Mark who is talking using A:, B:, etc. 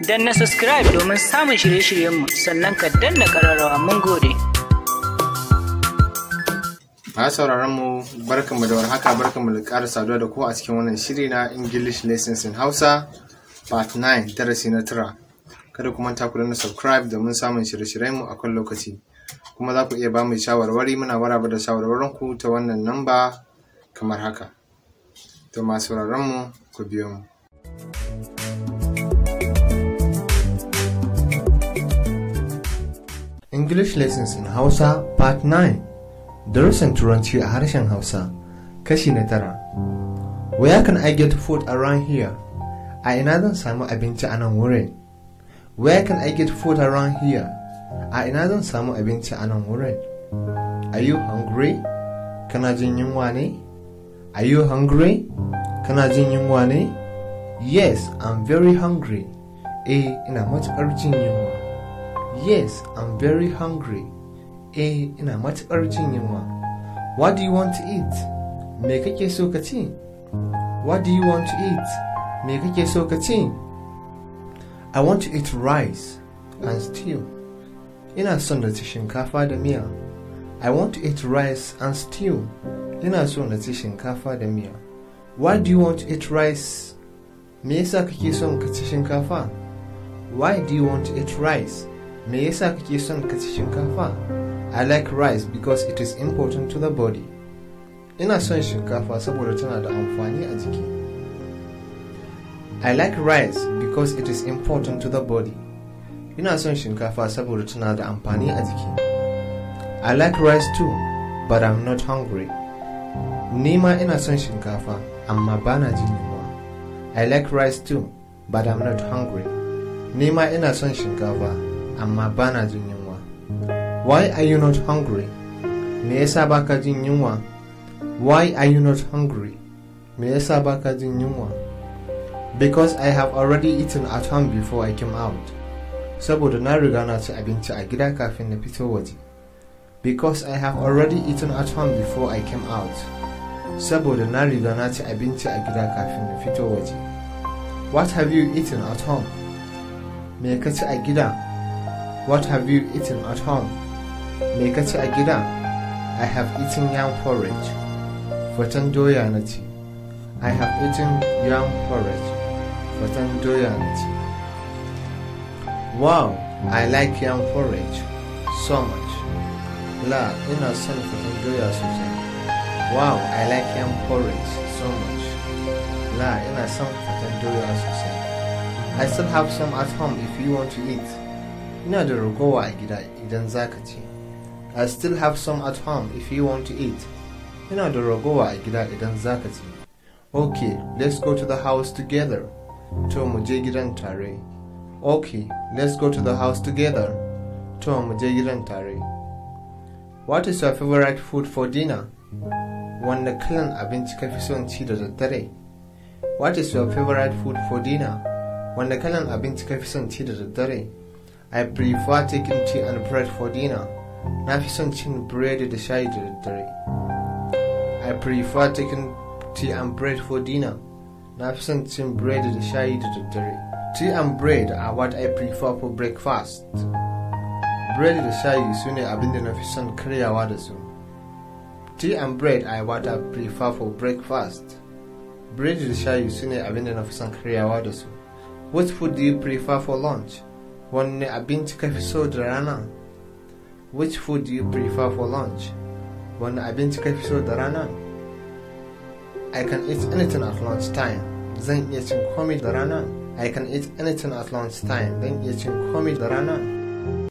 A: Dan na subscribe domin samun shirye-shiryenmu sannan ka danna kararrawa mun gode. a sauraron mu barkanmu da warhaka mu da ƙara saduwa da ku a cikin wannan shiri na English Lessons in Hausa Part 9 darasi na tura Kada kuma ta ku na subscribe domin samun shirye-shiryenmu a kan lokaci. Kuma za ku iya ba mu shawarwari muna waraba da shawarwarin ku ta wannan namba kamar haka. To masu sauraron mu ku biyo mu. English Lessons in Hausa Part 9 Darussan Turanci a harshen Hausa Kashi na tara Where can I get food around here? A ina zan samu abinci a nan wurin? Where can I get food around here? A ina zan samu abinci a nan wurin? Are you hungry? Kana jin yunwa ne? Are you hungry? Kana jin yunwa ne? Yes, I'm very hungry. Eh, ina matuƙar jin yunwa. Yes, I'm very hungry. Eh, ina matuƙar jin yunwa. What do you want to eat? Me kake so ka ci? What do you want to eat? Me kake so ka ci? I want to eat rice and stew. Ina son da ci shinkafa da miya. I want to eat rice and stew. Ina son da ci shinkafa da miya. Why do you want to eat rice? Me yasa kake son ka ci shinkafa? Why do you want to eat rice? me yasa kake son ka ci shinkafa i like rice because it is important to the body ina son shinkafa saboda tana da amfani a jiki i like rice because it is important to the body ina son shinkafa saboda tana da amfani a jiki i like rice too but i'm not hungry ni ma ina son shinkafa amma bana jin yunwa i like rice too but i'm not hungry ni ma ina son shinkafa amma ba jin yunwa why are you not hungry me yasa baka jin yunwa why are you not hungry me yasa baka jin yunwa because i have already eaten at home before i came out saboda na riga na ci abinci a gida kafin na fito waje because i have already eaten at home before i came out saboda na riga na ci abinci a gida kafin na fito waje what have you eaten at home me ka ci a gida what have you eaten at home? Me ka ci I have eaten yam porridge. Faten doya na I have eaten yam porridge. Faten doya na Wow, I like yam porridge so much. La, ina son faten doya sosai. Wow, I like yam porridge so much. La, ina son faten doya sosai. I still have some at home if you want to eat. ina da ragowa a gida idan za ka ci i still have some at home if you want to eat ina da ragowa a gida idan za ka ci okay let's go to the house together to mu je gidan tare okay let's go to the house together to mu je gidan tare what is your favorite food for dinner wanne kalan abinci ka fi son ci da daddare what is your favorite food for dinner wanne kalan abinci ka fi son ci da daddare I prefer taking tea and bread for dinner. Na fi son cin biredi da shayi da I prefer taking tea and bread for dinner. Na fi son cin biredi da shayi da Tea and bread are what I prefer for breakfast. Bread da shayi su ne abin da na the son karyawa da su. Tea and bread are what I prefer for breakfast. Bread da shayi su ne abin da na the son karyawa da su. What food do you prefer for lunch? wanne abinci ka fi so da rana which food do you prefer for lunch wanne abinci ka fi so da rana i can eat anything at lunch time zan iya cin komai da rana i can eat anything at lunch time zan iya cin komai da rana